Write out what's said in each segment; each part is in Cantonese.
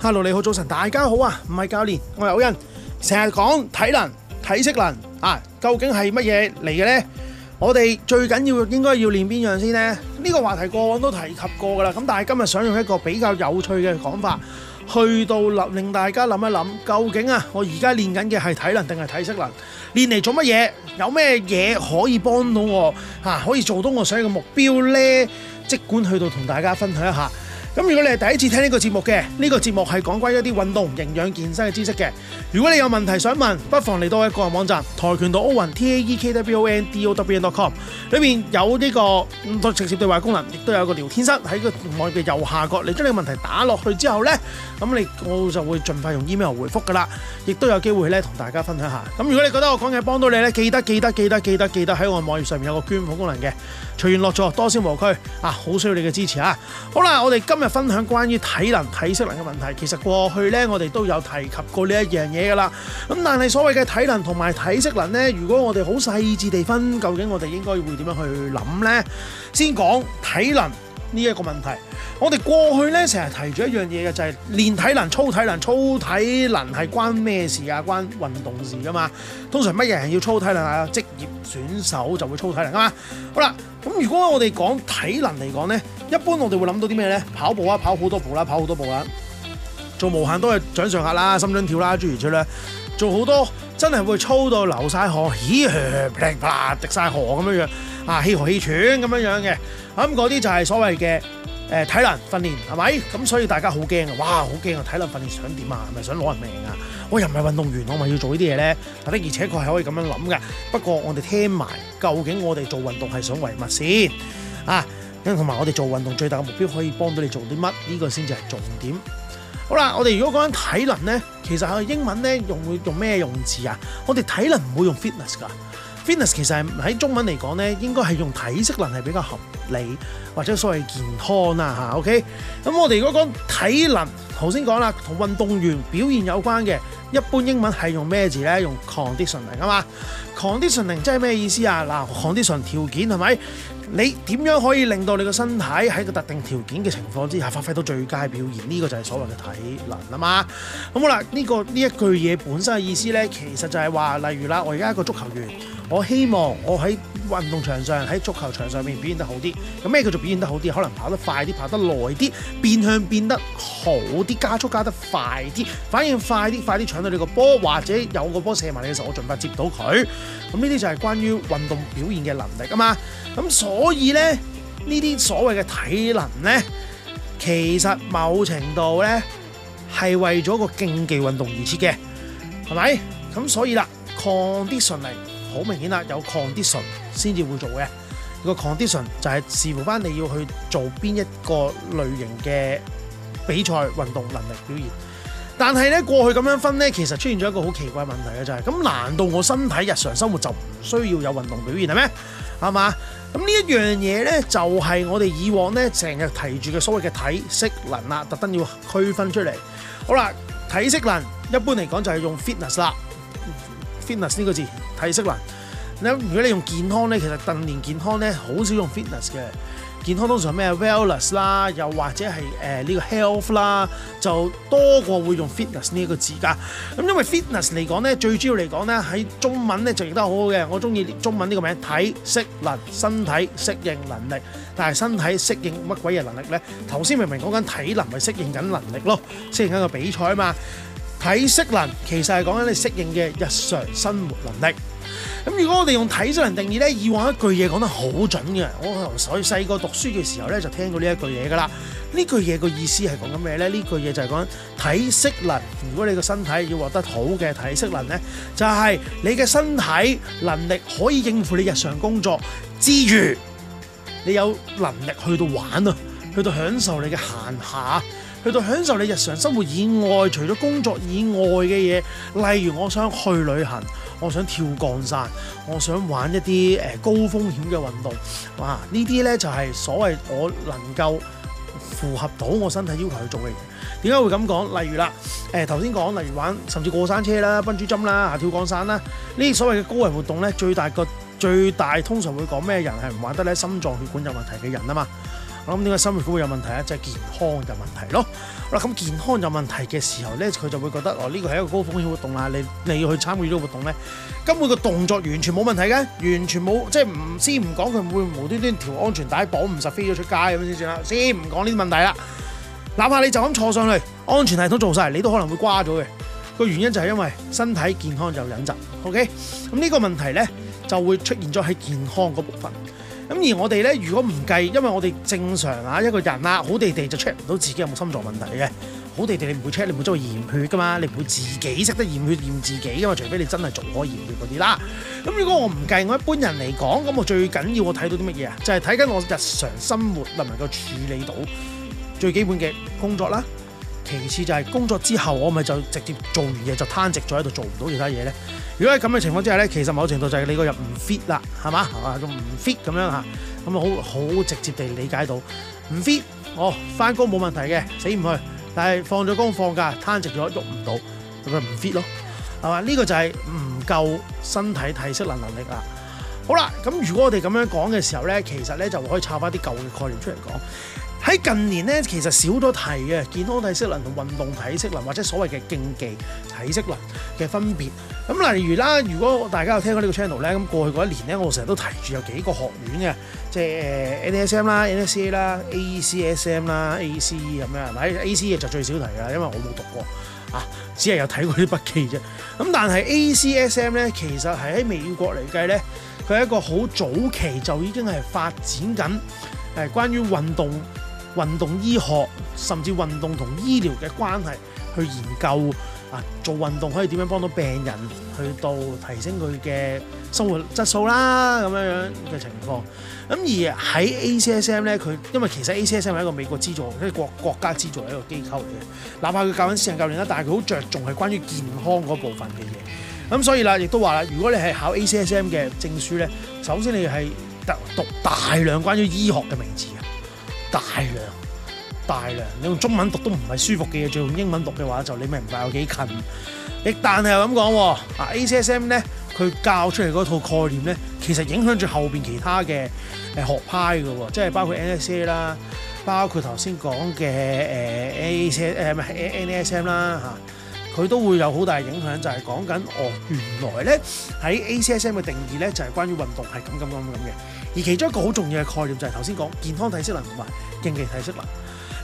Hello，你好早晨，大家好啊！唔係教練，我係歐恩，成日講體能、體適能啊，究竟係乜嘢嚟嘅呢？我哋最緊要應該要練邊樣先呢？呢個話題過往都提及過㗎喇，咁但係今日想用一個比較有趣嘅講法，去到令大家諗一諗，究竟啊，我而家練緊嘅係體能定係體適能？練嚟做乜嘢？有咩嘢可以幫到我？吓，可以做到我想嘅目標呢？即管去到同大家分享一下。咁如果你係第一次聽呢個節目嘅，呢個節目係講關於一啲運動、營養、健身嘅知識嘅。如果你有問題想問，不妨嚟到我嘅個人網站跆拳道 Owen TAEKWONDOWEN.com，裏面有呢個、嗯、直接對話功能，亦都有個聊天室喺個網頁嘅右下角。你將你問題打落去之後呢，咁你我就會盡快用 email 回覆㗎啦。亦都有機會咧同大家分享下。咁如果你覺得我講嘢幫到你呢，記得記得記得記得記得喺我網頁上面有個捐款功能嘅。隨緣樂助，多少無拘啊，好需要你嘅支持啊！好啦，我哋今日，分享關於體能、體適能嘅問題，其實過去呢，我哋都有提及過呢一樣嘢㗎喇。咁但係所謂嘅體能同埋體適能呢，如果我哋好細緻地分，究竟我哋應該會點樣去諗呢？先講體能。呢、這、一個問題，我哋過去咧成日提咗一樣嘢嘅，就係、是、練體能、操體能、操體能係關咩事啊？關運動事噶、啊、嘛。通常乜嘢人要操體能啊？職業選手就會操體能啊嘛。好啦，咁如果我哋講體能嚟講咧，一般我哋會諗到啲咩咧？跑步啦、啊，跑好多步啦、啊，跑好多步啦、啊，做無限多嘅掌上壓啦，深蹲跳啦，諸如此類，做好多真係會操到流晒汗，咦，啪啪滴晒汗咁樣樣。啊，氣和氣喘咁樣樣嘅，咁嗰啲就係所謂嘅誒體能訓練，係咪？咁、嗯、所以大家好驚啊！哇，好驚啊！體能訓練想點啊？係咪想攞人命啊？我又唔係運動員，我咪要做這些呢啲嘢咧？嗱，咧而且佢係可以咁樣諗嘅。不過我哋聽埋，究竟我哋做運動係想為乜先？啊，咁同埋我哋做運動最大嘅目標可以幫到你做啲乜？呢、這個先至係重點。好啦，我哋如果講緊體能咧，其實喺英文咧用用咩用字啊？我哋體能唔會用 fitness 㗎。fitness 其實喺中文嚟講咧，應該係用體適能係比較合理，或者所謂健康啊嚇。OK，咁我哋如果講體能，頭先講啦，同運動員表現有關嘅，一般英文係用咩字咧？用 conditioning 嚟㗎嘛。conditioning 即係咩意思啊？嗱、嗯、condition 條件係咪？是你點樣可以令到你個身體喺個特定條件嘅情況之下發揮到最佳表現？呢個就係所謂嘅體能啊嘛。咁好啦，呢個呢一句嘢本身嘅意思呢，其實就係話，例如啦，我而家一個足球員，我希望我喺運動場上喺足球場上面表現得好啲。咁咩叫做表現得好啲？可能跑得快啲，跑得耐啲，變向變得好啲，加速加得快啲，反應快啲，快啲搶到你個波，或者有個波射埋你嘅時候，我盡快接到佢。咁呢啲就係關於運動表現嘅能力啊嘛。咁所以咧，呢啲所謂嘅體能咧，其實某程度咧係為咗個競技運動而設嘅，係咪？咁所以啦，condition 嚟，好明顯啦，有 condition 先至會做嘅。個 condition 就係視乎翻你要去做邊一個類型嘅比賽運動能力表現。但係咧，過去咁樣分咧，其實出現咗一個好奇怪問題嘅就係，咁難道我身體日常生活就唔需要有運動表現係咩？係嘛？是咁呢一樣嘢咧，就係我哋以往咧成日提住嘅所謂嘅體適能啦，特登要區分出嚟。好啦，體適能一般嚟講就係用 fitness 啦，fitness 呢個字，體適能。如果你用健康咧，其實近年健康咧好少用 fitness 嘅。健康通常咩？wellness 啦，又或者係誒呢個 health 啦，就多過會用 fitness 呢一個字噶。咁因為 fitness 嚟講咧，最主要嚟講咧喺中文咧就譯得好好嘅。我中意中文呢個名體適能，身體適應能力。但係身體適應乜鬼嘢能力咧？頭先明明講緊體能咪適應緊能力咯，適應緊個比賽啊嘛。體適能其實係講緊你適應嘅日常生活能力。咁如果我哋用體適能定義呢，以往一句嘢講得好準嘅，我可能所以細個讀書嘅時候呢，就聽過呢一句嘢噶啦。呢句嘢個意思係講緊咩呢？呢句嘢就係講體適能。如果你個身體要獲得好嘅體適能呢，就係你嘅身體能力可以應付你日常工作之餘，你有能力去到玩啊，去到享受你嘅閒暇。去到享受你日常生活以外，除咗工作以外嘅嘢，例如我想去旅行，我想跳降傘，我想玩一啲高風險嘅運動，哇！呢啲呢就係所謂我能夠符合到我身體要求去做嘅嘢。點解會咁講？例如啦，誒頭先講，例如玩甚至過山車啦、笨豬跳啦、吓跳降傘啦，呢啲所謂嘅高危活動呢，最大個最大通常會講咩人係唔玩得呢？心臟血管有問題嘅人啊嘛。咁點解心血管會有問題啊？就係、是、健康有問題咯。嗱，咁健康有問題嘅時候咧，佢就會覺得哦，呢個係一個高風險活動啦。你你要去參與呢個活動咧，根本個動作完全冇問題嘅，完全冇即係唔先唔講，佢會無端端條安全帶綁唔實飛咗出街咁先算啦。先唔講呢啲問題啦，哪怕你就咁坐上去，安全系統全做晒，你都可能會瓜咗嘅。個原因就係因為身體健康有隱疾。OK，咁呢個問題咧就會出現咗喺健康嗰部分。咁而我哋咧，如果唔計，因為我哋正常啊，一個人啦、啊，好地地就 check 唔到自己有冇心臟問題嘅，好地地你唔會 check，你唔會做驗血噶嘛，你唔會自己識得驗血驗自己噶嘛，除非你真係做開驗血嗰啲啦。咁如果我唔計，我一般人嚟講，咁我最緊要的是我睇到啲乜嘢啊？就係睇緊我日常生活能唔能夠處理到最基本嘅工作啦。其次就係工作之後，我咪就直接做完嘢就攤直咗喺度，做唔到其他嘢咧。如果喺咁嘅情況之下咧，其實某程度就係你個人唔 fit 啦，係嘛？啊，咁唔 fit 咁樣吓，咁啊，好好直接地理解到唔 fit。哦，翻工冇問題嘅，死唔去。但係放咗工放假攤直咗喐唔到，咁咪唔 fit 咯，係嘛？呢個就係唔夠身體體適能能力啦。好啦，咁如果我哋咁樣講嘅時候咧，其實咧就可以插翻啲舊嘅概念出嚟講。喺近年咧，其實少咗提嘅健康體適能同運動體適能或者所謂嘅競技體適能嘅分別。咁例如啦，如果大家有聽過呢個 channel 咧，咁過去嗰一年咧，我成日都提住有幾個學院嘅，即係誒 NSM 啦、NSCA 啦、ACSM 啦、ACE 咁樣，係咪？ACE 就最少提啦，因為我冇讀過啊，只係有睇過啲筆記啫。咁但係 ACSM 咧，其實係喺美國嚟計咧，佢係一個好早期就已經係發展緊誒關於運動。運動醫學甚至運動同醫療嘅關係去研究啊，做運動可以點樣幫到病人去到提升佢嘅生活質素啦咁樣樣嘅情況。咁、嗯、而喺 ACSM 咧，佢因為其實 ACSM 係一個美國資助即係國國家資助嘅一個機構嚟嘅，哪怕佢教緊私人教練啦，但係佢好着重係關於健康嗰部分嘅嘢。咁、嗯、所以啦，亦都話啦，如果你係考 ACSM 嘅證書咧，首先你係讀讀大量關於醫學嘅名字嘅。大量，大量，你用中文讀都唔係舒服嘅，嘢，再用英文讀嘅話就你明唔白有幾近。亦但係又咁講，A C S M 咧，佢教出嚟嗰套概念咧，其實影響住後邊其他嘅誒學派嘅，即係包括 N S A 啦，包括頭先講嘅誒 A C 誒唔係 N A S M 啦吓，佢、呃呃、都會有好大影響，就係講緊哦，原來咧喺 A C S M 嘅定義咧就係、是、關於運動係咁咁咁咁嘅。而其中一個好重要嘅概念就係頭先講健康體適能同埋競技體適能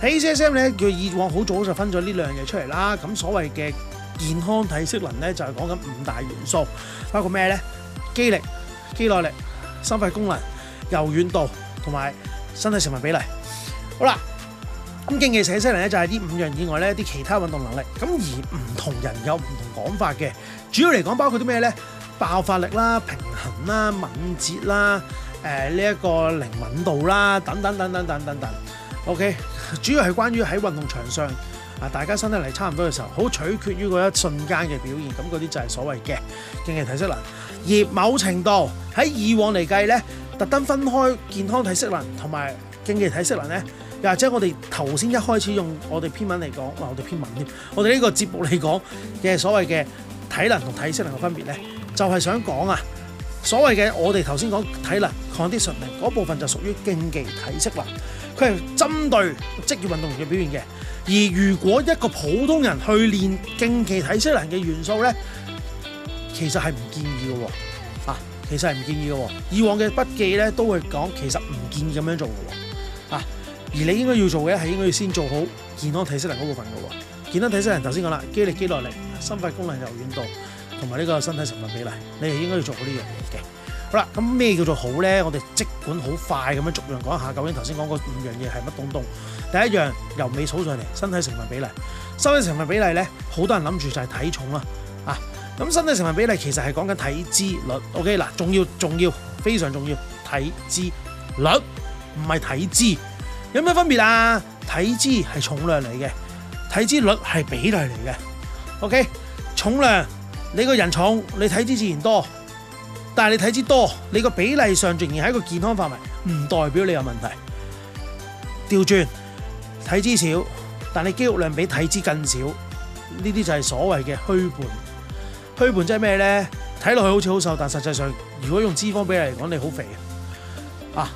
喺 ACSM 咧，佢以往好早就分咗呢兩樣嘢出嚟啦。咁所謂嘅健康體適能咧，就係講緊五大元素，包括咩咧？肌力、肌耐力、心肺功能、柔軟度同埋身體成分比例。好啦，咁競技體適能咧就係、是、呢五樣以外咧啲其他運動能力。咁而唔同人有唔同講法嘅，主要嚟講包括啲咩咧？爆發力啦、平衡啦、敏捷啦。誒呢一個靈敏度啦，等等等等等等等，OK，主要係關於喺運動場上啊，大家身體嚟差唔多嘅時候，好取決於嗰一瞬間嘅表現，咁嗰啲就係所謂嘅競技體適能。而某程度喺以往嚟計咧，特登分開健康體適能同埋競技體適能咧，又或者我哋頭先一開始用我哋篇文嚟講，嗱我哋篇文添，我哋呢個節目嚟講嘅所謂嘅體能同體適能嘅分別咧，就係想講啊。所謂嘅我哋頭先講體能、conditioning 嗰部分就屬於競技體適能，佢係針對職業運動員嘅表現嘅。而如果一個普通人去練競技體適能嘅元素咧，其實係唔建議嘅喎。啊，其實係唔建議嘅喎。以往嘅筆記咧都會講，其實唔建議咁樣做嘅喎。啊，而你應該要做嘅係應該要先做好健康體適能嗰部分嘅喎。健康體適能頭先講啦，肌力、肌耐力、心肺功能、柔軟度。同埋呢個身體成分比例，你係應該要做好呢樣嘢嘅。好啦，咁咩叫做好咧？我哋即管好快咁樣逐樣講一下，究竟頭先講嗰五樣嘢係乜東東？第一樣由尾數上嚟，身體成分比例。身體成分比例咧，好多人諗住就係體重啦。啊，咁身體成分比例其實係講緊體脂率。O K 嗱，重要重要，非常重要，體脂率唔係體脂，有咩分別啊？體脂係重量嚟嘅，體脂率係比例嚟嘅。OK，重量。你個人重，你體脂自然多，但係你體脂多，你個比例上仍然喺一個健康範圍，唔代表你有問題。調轉體脂少，但你肌肉量比體脂更少，呢啲就係所謂嘅虛胖。虛胖即係咩咧？睇落去好似好瘦，但實際上如果用脂肪比例嚟講，你好肥啊！啊，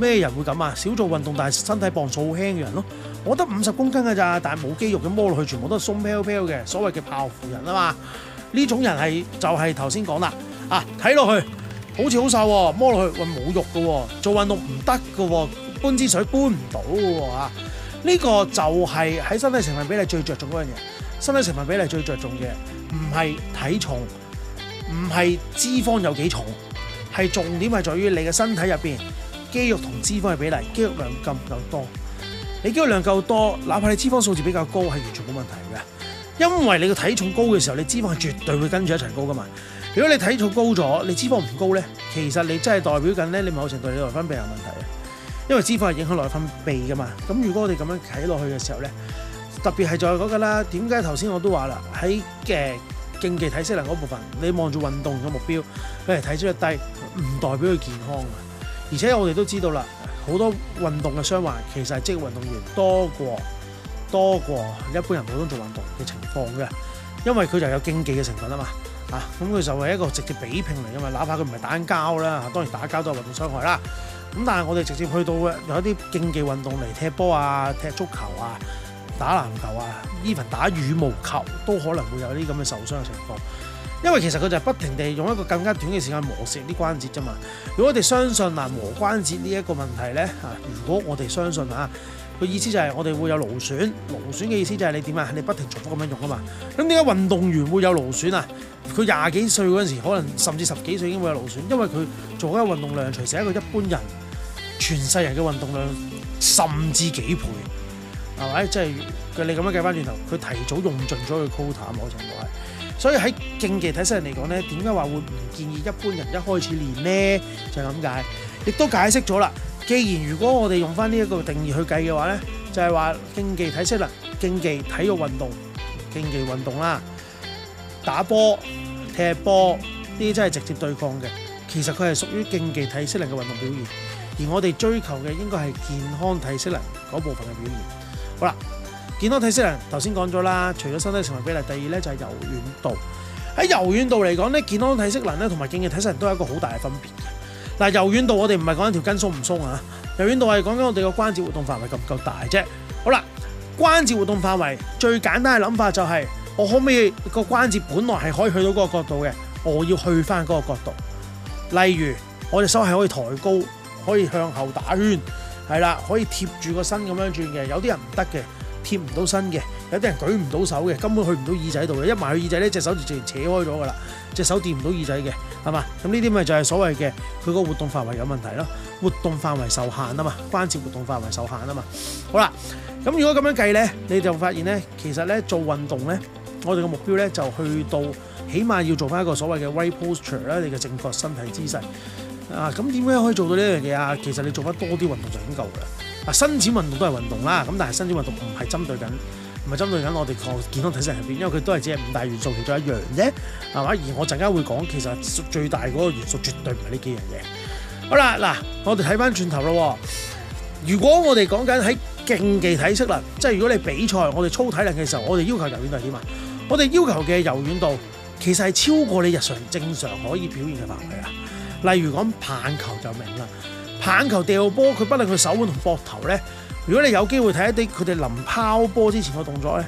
咩人會咁啊？少做運動，但係身體磅數好輕嘅人咯。我得五十公斤㗎咋，但係冇肌肉噉，摸落去全部都鬆飄飄嘅，所謂嘅泡芙人啊嘛。呢種人係就係頭先講啦，啊，睇落去好似好瘦，摸落去喂冇肉嘅，做運動唔得嘅，搬支水搬唔到嘅，嚇、啊、呢個就係喺身體成分比例最着重嗰樣嘢。身體成分比例最着重嘅唔係體重，唔係脂肪有幾重，係重點係在於你嘅身體入邊肌肉同脂肪嘅比例，肌肉量夠唔夠多。你肌肉量夠多，哪怕你脂肪數字比較高，係完全冇問題嘅。因為你個體重高嘅時候，你脂肪絕對會跟住一齊高噶嘛。如果你體重高咗，你脂肪唔高呢，其實你真係代表緊咧，你某程度你內分泌有問題。因為脂肪係影響內分泌噶嘛。咁如果我哋咁樣睇落去嘅時候呢，特別係在嗰㗎啦。點解頭先我都話啦，喺嘅競技體適能嗰部分，你望住運動嘅目標，佢係體脂率低，唔代表佢健康啊。而且我哋都知道啦，好多運動嘅傷患其實係職業運動員多過多過一般人普通做運動嘅情況嘅，因為佢就有競技嘅成分啊嘛，嚇，咁佢就係一個直接比拼嚟嘅嘛，哪怕佢唔係打交啦，嚇、啊、當然打交都係運動傷害啦。咁、啊、但係我哋直接去到有一啲競技運動嚟，踢波啊、踢足球啊、打籃球啊，even 打羽毛球都可能會有啲咁嘅受傷嘅情況，因為其實佢就係不停地用一個更加短嘅時間磨蝕啲關節啫嘛。如果我哋相信嗱、啊、磨關節呢一個問題咧，嚇、啊、如果我哋相信嚇、啊。佢意思就係我哋會有勞損，勞損嘅意思就係你點啊？你不停重複咁樣用啊嘛。咁點解運動員會有勞損啊？佢廿幾歲嗰陣時，可能甚至十幾歲已經會有勞損，因為佢做嘅運動量，隨時係一個一般人、全世人嘅運動量，甚至幾倍，係咪？即係佢你咁樣計翻轉頭，佢提早用盡咗佢 quota，我認為。所以喺競技體適能嚟講咧，點解話會唔建議一般人一開始練咧？就係咁解，亦都解釋咗啦。既然如果我哋用翻呢一個定義去計嘅話呢就係話競技體適能、競技體育運動、競技運動啦，打波、踢波呢啲真係直接對抗嘅，其實佢係屬於競技體適能嘅運動表現。而我哋追求嘅應該係健康體適能嗰部分嘅表現。好啦，健康體適能頭先講咗啦，除咗身體成分比例，第二呢，就係柔軟度。喺柔軟度嚟講呢，健康體適能咧同埋競技體適能都有一個好大嘅分別。但係柔軟度我哋唔係講緊條筋鬆唔鬆啊，柔軟度係講緊我哋個關節活動範圍夠唔夠大啫。好啦，關節活動範圍最簡單嘅諗法就係、是、我可唔可以個關節本來係可以去到嗰個角度嘅，我要去翻嗰個角度。例如我隻手係可以抬高，可以向後打圈，係啦，可以貼住個身咁樣轉嘅。有啲人唔得嘅，貼唔到身嘅。有啲人舉唔到手嘅，根本去唔到耳仔度嘅。一埋去耳仔咧，隻手就自然扯開咗㗎啦。隻手掂唔到耳仔嘅，係嘛？咁呢啲咪就係所謂嘅佢個活動範圍有問題咯。活動範圍受限啊嘛，關節活動範圍受限啊嘛。好啦，咁如果咁樣計咧，你就發現咧，其實咧做運動咧，我哋嘅目標咧就去到起碼要做翻一個所謂嘅 right posture 啦，你嘅正確身體姿勢啊。咁點樣可以做到呢樣嘢啊？其實你做翻多啲運動就已經夠啦。嗱，伸展運動都係運動啦，咁但係伸展運動唔係針對緊。唔係針對緊我哋個健康體質入邊，因為佢都係只係五大元素其中一樣啫，係嘛？而我陣間會講，其實最大嗰個元素絕對唔係呢幾樣嘢。好啦，嗱，我哋睇翻轉頭咯。如果我哋講緊喺競技體式啦，即係如果你比賽，我哋操體能嘅時候，我哋要求柔軟度係點啊？我哋要求嘅柔軟度其實係超過你日常正常可以表現嘅範圍啦。例如講棒球就明啦，棒球掉波，佢不論佢手腕同膊頭咧。如果你有機會睇一啲佢哋臨拋波之前嘅動作咧，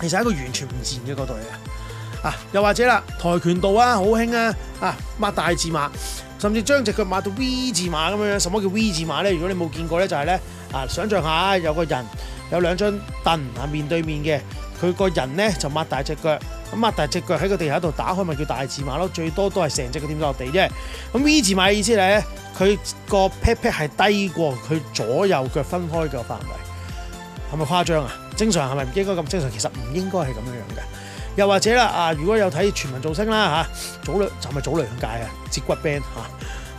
其實係一個完全唔自然嘅角度嚟嘅。啊，又或者啦，跆拳道啊好興啊，啊擘大字馬，甚至將隻腳擘到 V 字馬咁樣。什麼叫 V 字馬咧？如果你冇見過咧，就係咧啊，想像下有個人有兩張凳啊面對面嘅，佢個人咧就擘大隻腳。咁擘大隻腳喺個地下度打開咪叫大字馬咯，最多都係成隻腳跌落地啫。咁 V 字馬嘅意思咧，佢個 pat pat 係低過佢左右腳分開嘅範圍，係咪誇張啊？正常係咪唔應該咁正常？其實唔應該係咁樣樣嘅。又或者啦，啊如果有睇全民造星啦吓、啊，早兩就咪早兩屆啊，接骨 band 吓、啊，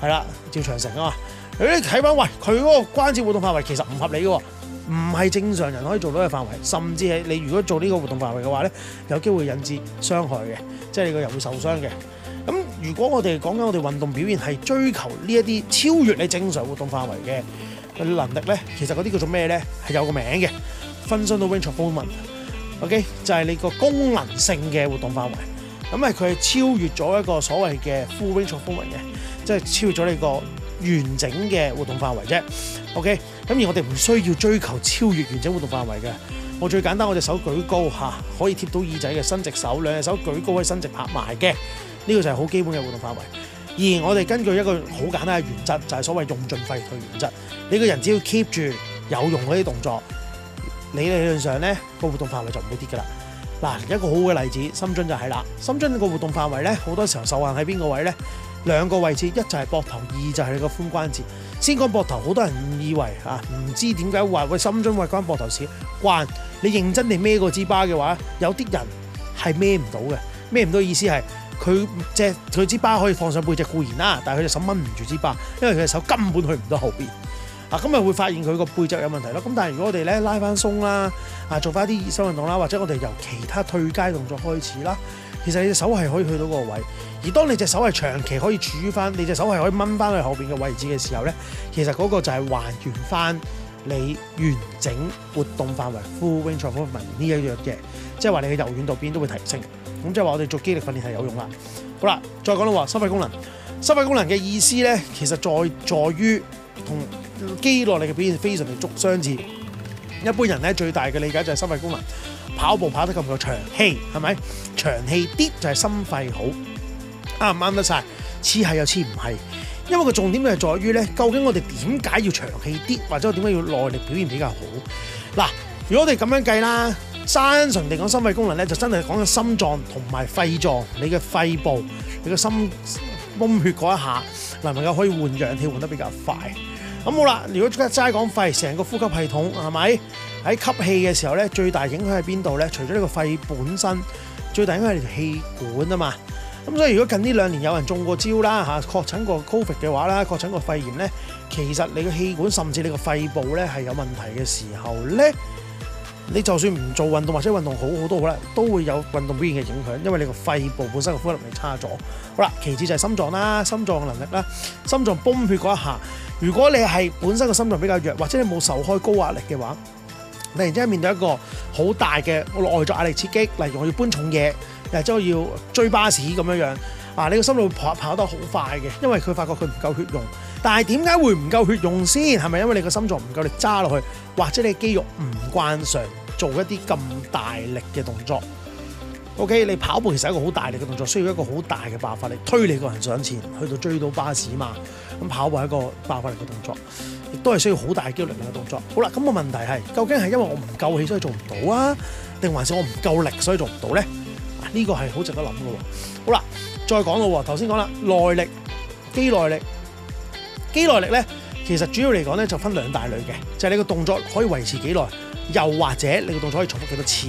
係啦，趙長城啊嘛，你睇翻喂佢嗰個關節活動範圍其實唔合理嘅、啊。唔係正常人可以做到嘅範圍，甚至係你如果做呢個活動範圍嘅話咧，有機會引致傷害嘅，即係你個人會受傷嘅。咁如果我哋講緊我哋運動表現係追求呢一啲超越你正常活動範圍嘅能力咧，其實嗰啲叫做咩咧？係有個名嘅，分身到 range of m o m e n t o、okay? k 就係你個功能性嘅活動範圍。咁啊，佢係超越咗一個所謂嘅 full range of m o m e n t 嘅，即係超越咗你個完整嘅活動範圍啫。O K，咁而我哋唔需要追求超越完整活動範圍嘅。我最簡單，我隻手舉高吓、啊，可以貼到耳仔嘅，伸直手，兩隻手舉高可以伸直拍埋嘅。呢、這個就係好基本嘅活動範圍。而我哋根據一個好簡單嘅原則，就係、是、所謂用進廢退原則。你個人只要 keep 住有用嗰啲動作，你理論上呢個活動範圍就唔會跌㗎喇。嗱，一個好好嘅例子，深蹲就係、是、啦。深蹲個活動範圍呢，好多時候受限喺邊個位呢？兩個位置，一就係膊頭，二就係你個髖關節。先講膊頭，好多人誤以為啊，唔知點解話喂，深蹲會關膊頭事。關你認真地孭過支巴嘅話，有啲人係孭唔到嘅。孭唔到，意思係佢隻佢支巴可以放上背脊固然啦，但係佢隻手掹唔住支巴，因為佢隻手根本去唔到後邊啊。咁啊會發現佢個背脊有問題咯。咁、啊、但係如果我哋咧拉翻鬆啦，啊做翻啲熱身運動啦，或者我哋由其他退階動作開始啦。其實你隻手係可以去到個位，而當你隻手係長期可以處於翻，你隻手係可以掹翻去後邊嘅位置嘅時候咧，其實嗰個就係還原翻你完整活動範圍 （full range of movement） 呢一樣嘢，即係話你嘅柔軟度邊都會提升。咁即係話我哋做肌力訓練係有用啦。好啦，再講到話心肺功能，心肺功能嘅意思咧，其實在在於同肌耐力嘅表現非常之足相似。一般人咧，最大嘅理解就係心肺功能，跑步跑得夠唔夠長氣，係咪？長氣啲就係心肺好，啱唔啱得晒？似係又似唔係？因為個重點就係在於咧，究竟我哋點解要長氣啲，或者我點解要耐力表現比較好？嗱，如果我哋咁樣計啦，單純地講心肺功能咧，就真係講緊心臟同埋肺臟，你嘅肺部，你嘅心泵血嗰一下，能唔能夠可以換氧氣換得比較快。咁好啦，如果齋講肺，成個呼吸系統係咪喺吸氣嘅時候咧，最大影響係邊度咧？除咗呢個肺本身。最大應該係你條氣管啊嘛，咁所以如果近呢兩年有人中過招啦嚇，確診過 Covid 嘅話啦，確診過肺炎咧，其實你個氣管甚至你個肺部咧係有問題嘅時候咧，你就算唔做運動或者運動好好都好啦，都會有運動表現嘅影響，因為你個肺部本身個呼吸能力差咗。好啦，其次就係心臟啦，心臟能力啦，心臟泵血嗰一下，如果你係本身個心臟比較弱，或者你冇受開高壓力嘅話。突然之間面對一個好大嘅外在壓力刺激，例如我要搬重嘢，或者我要追巴士咁樣樣，嗱、啊，你個心率會跑跑得好快嘅，因為佢發覺佢唔夠血用。但係點解會唔夠血用先？係咪因為你個心臟唔夠力揸落去，或者你肌肉唔慣常做一啲咁大力嘅動作？O.K. 你跑步其實係一個好大力嘅動作，需要一個好大嘅爆發力推你個人上前，去到追到巴士嘛。咁跑步係一個爆發力嘅動作，亦都係需要好大嘅肌肉力量嘅動作。好啦，咁個問題係究竟係因為我唔夠氣所以做唔到啊，定還是我唔夠力所以做唔到咧？嗱，呢個係好值得諗嘅喎。好啦，再講啦喎，頭先講啦，耐力、肌耐力、肌耐力咧，其實主要嚟講咧就分兩大類嘅，就係你個動作可以維持幾耐，又或者你個動作可以重複幾多次。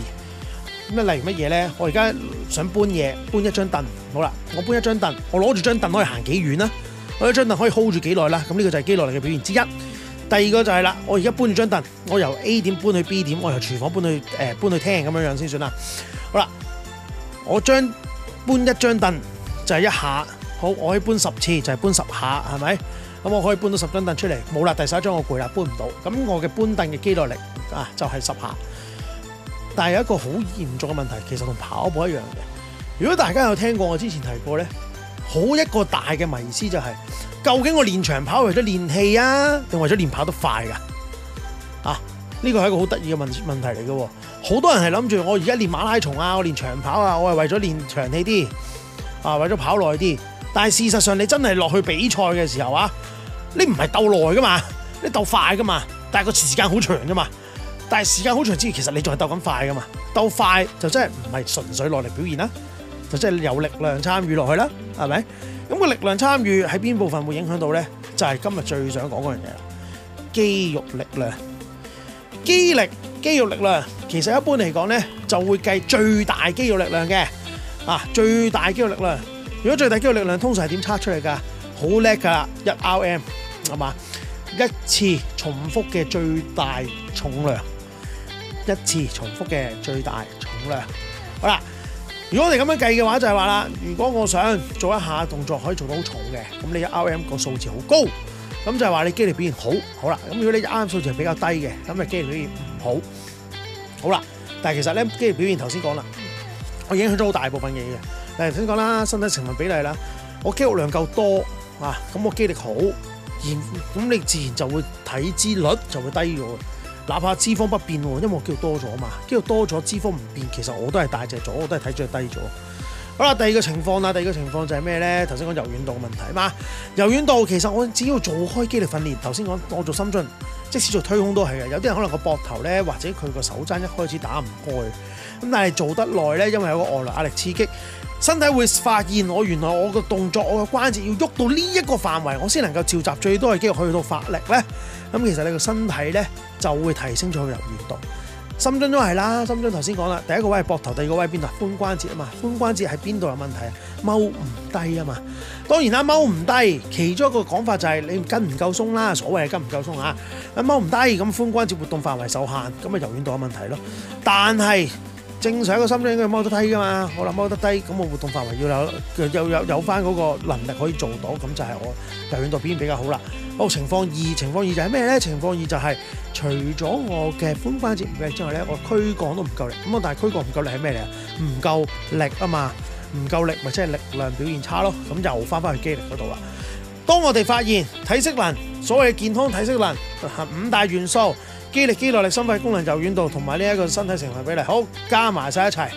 咁例如乜嘢咧？我而家想搬嘢，搬一張凳，好啦，我搬一張凳，我攞住張凳可以行幾遠啦？我一張凳可以 hold 住幾耐啦？咁呢個就係肌耐力嘅表現之一。第二個就係、是、啦，我而家搬住張凳，我由 A 點搬去 B 點，我由廚房搬去誒、呃、搬去廳咁樣樣先算啦。好啦，我將搬一張凳就係一下，好，我可以搬十次，就係搬十下，係咪？咁我可以搬到十張凳出嚟，冇啦，第十一張我攰啦，搬唔到。咁我嘅搬凳嘅肌耐力啊，就係、是、十下。但係一個好嚴重嘅問題，其實同跑步一樣嘅。如果大家有聽過我之前提過咧，好一個大嘅迷思就係，究竟我練長跑係為咗練氣啊，定為咗練跑得快噶？啊，呢個係一個好得意嘅問問題嚟嘅喎。好多人係諗住我而家練馬拉松啊，我練長跑啊，我係為咗練長氣啲，啊，為咗跑耐啲。但係事實上你真係落去比賽嘅時候啊，你唔係鬥耐噶嘛，你鬥快噶嘛，但係個時間好長噶嘛。但係時間好長之餘，其實你仲係鬥緊快噶嘛。鬥快就真係唔係純粹落力表現啦，就真係有力量參與落去啦，係咪？咁個力量參與喺邊部分會影響到咧？就係今日最想講嗰樣嘢啦，肌肉力量、肌力、肌肉力量。其實一般嚟講咧，就會計最大肌肉力量嘅啊，最大肌肉力量。如果最大肌肉力量通常係點測出嚟噶？好叻噶，一 RM 係嘛，一次重複嘅最大重量。一次重複嘅最大重量，好啦。如果我哋咁樣計嘅話，就係話啦，如果我想做一下動作可以做到好重嘅，咁你一 R M 個數字好高，咁就係話你肌力表現好。好啦，咁如果你 R M 數字係比較低嘅，咁你肌力表現唔好。好啦，但係其實咧肌力表現頭先講啦，我影響咗好大部分嘢嘅，例如頭先講啦，身體成分比例啦，我肌肉量夠多啊，咁我肌力好，而咁你自然就會體脂率就會低咗。哪怕脂肪不變喎，因為我肌肉多咗嘛，肌肉多咗脂肪唔變，其實我都係大隻咗，我都係體重低咗。好啦，第二個情況啦，第二個情況就係咩呢？頭先講柔軟度問題啊嘛，柔軟度其實我只要做開肌力訓練，頭先講我做深蹲，即使做推胸都係嘅。有啲人可能個膊頭呢，或者佢個手踭一開始打唔開咁，但係做得耐呢，因為有個外來壓力刺激，身體會發現我原來我個動作，我個關節要喐到呢一個範圍，我先能夠召集最多嘅肌肉去到發力呢。咁其實你個身體呢。就會提升咗佢柔軟度。伸展都係啦，伸展頭先講啦，第一個位係膊頭，第二個位邊度？髖關節啊嘛，髖關節喺邊度有問題啊？踎唔低啊嘛。當然啦，踎唔低，其中一個講法就係你筋唔夠鬆啦。所謂係筋唔夠鬆啊，咁踎唔低，咁髖關節活動範圍受限，咁咪柔軟度有問題咯。但係，正常一個心應該係踎得低噶嘛。好啦，踎得低，咁我活動範圍要有又有有翻嗰個能力可以做到，咁就係我柔軟度表現比較好啦。哦，情況二，情況二就係咩咧？情況二就係、是、除咗我嘅髖關節唔夠之外咧，我軀幹都唔夠力。咁啊，但係軀幹唔夠力係咩嚟啊？唔夠力啊嘛，唔夠力咪即係力量表現差咯。咁又翻返去肌力嗰度啦。當我哋發現體適能，所謂健康體適能五大元素。肌力、肌耐力、心肺功能、柔軟度同埋呢一個身體成分比例，好，加埋晒一齊，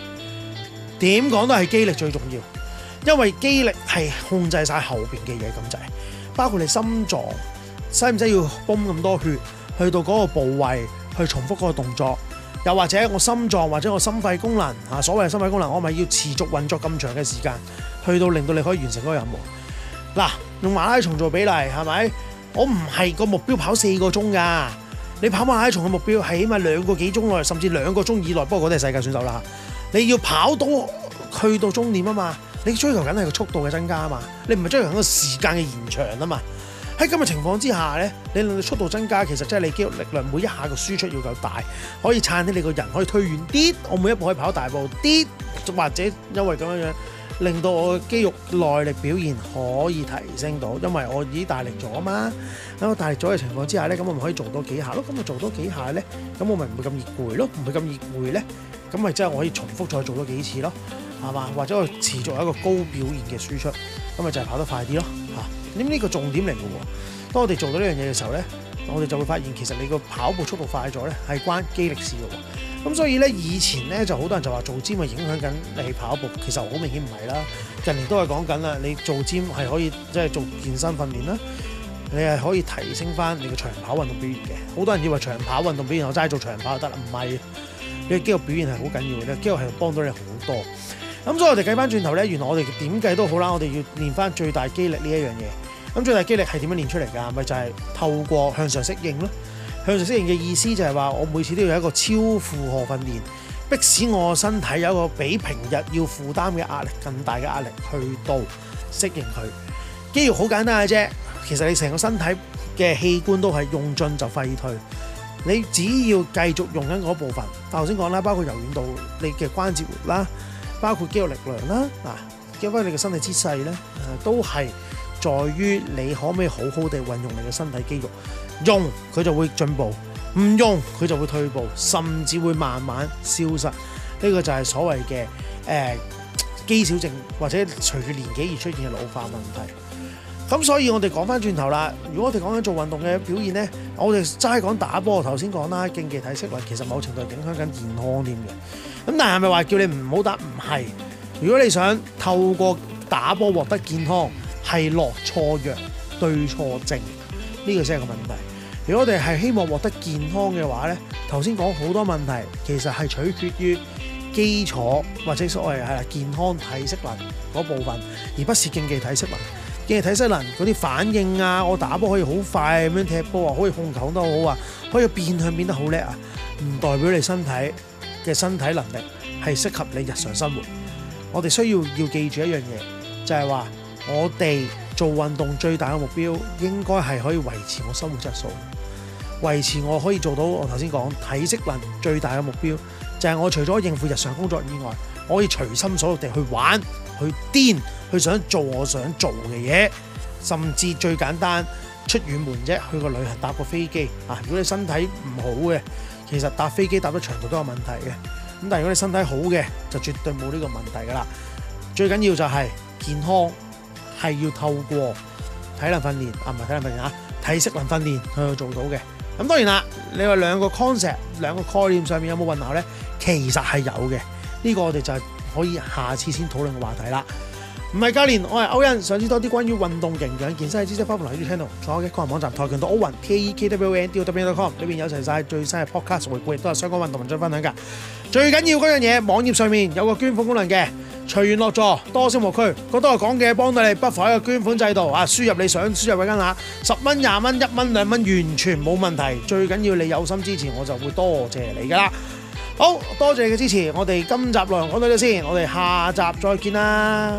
點講都係肌力最重要，因為肌力係控制晒後邊嘅嘢咁滯，包括你心臟使唔使要泵咁多血去到嗰個部位去重複嗰個動作，又或者我心臟或者我心，心肺功能啊，所謂的心肺功能，我咪要持續運作咁長嘅時間，去到令到你可以完成嗰個任務。嗱，用馬拉松做比例係咪？我唔係個目標跑四個鐘㗎。你跑馬拉松嘅目標係起碼兩個幾鐘內，甚至兩個鐘以內，不過嗰啲係世界選手啦。你要跑到去到終點啊嘛，你追求緊係個速度嘅增加啊嘛，你唔係追求緊個時間嘅延長啊嘛。喺咁嘅情況之下咧，你，你速度增加，其實即係你肌肉力量每一下嘅輸出要夠大，可以撐起你個人可以推遠啲，我每一步可以跑大步啲，或者因為咁樣樣。令到我肌肉耐力表現可以提升到，因為我已經大力咗啊嘛。咁大力咗嘅情況之下咧，咁我咪可以做多幾下咯。咁我做多幾下咧，咁我咪唔會咁易攰咯，唔會咁易攰咧。咁咪即係我可以重複再做多幾次咯，係嘛？或者我持續有一個高表現嘅輸出，咁咪就係跑得快啲咯，嚇。咁呢個重點嚟嘅喎。當我哋做到呢樣嘢嘅時候咧，我哋就會發現其實你個跑步速度快咗咧，係關肌力事嘅。咁所以咧，以前咧就好多人就話做 gym 咪影響緊你跑步，其實好明顯唔係啦。近年都係講緊啦，你做 gym 係可以即係、就是、做健身訓練啦，你係可以提升翻你個長跑運動表現嘅。好多人以為長跑運動表現我齋做長跑就得啦，唔係，你嘅肌肉表現係好緊要嘅，肌肉係幫到你好多。咁所以我哋計翻轉頭咧，原來我哋點計都好啦，我哋要練翻最大肌力呢一樣嘢。咁最大肌力係點樣練出嚟㗎？咪就係、是、透過向上適應咯。向上適應嘅意思就係話，我每次都要有一個超負荷訓練，逼使我身體有一個比平日要負擔嘅壓力更大嘅壓力去到適應佢。肌肉好簡單嘅啫，其實你成個身體嘅器官都係用盡就廢退。你只要繼續用緊嗰部分，啊頭先講啦，包括柔軟度、你嘅關節啦，包括肌肉力量啦，嗱，因為你嘅身體姿勢咧，都係在於你可唔可以好好地運用你嘅身體肌肉。用佢就會進步，唔用佢就會退步，甚至會慢慢消失。呢個就係所謂嘅誒肌少症，或者隨住年紀而出現嘅老化問題。咁所以我哋講翻轉頭啦，如果我哋講緊做運動嘅表現呢，我哋齋講打波。頭先講啦，競技體適能其實某程度影響緊健康添嘅。咁但係係咪話叫你唔好打？唔係。如果你想透過打波獲得健康，係落錯藥對錯症呢個先係個問題。如果我哋係希望獲得健康嘅話呢，頭先講好多問題，其實係取決於基礎或者所謂係啦，健康體適能嗰部分，而不是競技體適能。競技體適能嗰啲反應啊，我打波可以好快咁樣踢波啊，可以控球都好啊，可以變向變得好叻啊，唔代表你身體嘅身體能力係適合你日常生活。我哋需要要記住一樣嘢，就係話我哋。做運動最大嘅目標，應該係可以維持我生活質素，維持我可以做到。我頭先講體適能最大嘅目標，就係我除咗應付日常工作以外，我可以隨心所欲地去玩、去癲、去想做我想做嘅嘢，甚至最簡單出遠門啫，去個旅行、搭個飛機。啊，如果你身體唔好嘅，其實搭飛機搭得長途都有問題嘅。咁但如果你身體好嘅，就絕對冇呢個問題噶啦。最緊要就係健康。係要透過體能訓練啊，唔係體能訓練嚇，體、啊、適能訓練去做到嘅。咁當然啦，你話兩個 concept 兩個概念上面有冇混淆咧？其實係有嘅。呢個我哋就係可以下次先討論嘅話題啦。唔係教練，我係歐恩，想知道多啲關於運動營養健身嘅知識，不妨留意聽到。所有嘅個人網站跆拳道歐仁 （taekwondowen.com） 裏面有齊晒最新嘅 podcast 回顧，亦都係相關運動文章分享㗎。最緊要嗰樣嘢，網頁上面有個捐款功能嘅。隨緣落座，多消莫拘。覺得我講嘅幫到你，不妨一個捐款制度啊！輸入你想輸入嘅金額，十蚊、廿蚊、一蚊、兩蚊，完全冇問題。最緊要你有心支持，我就會多謝你㗎喇。好多謝你嘅支持，我哋今集內容講到呢度先，我哋下集再見啦。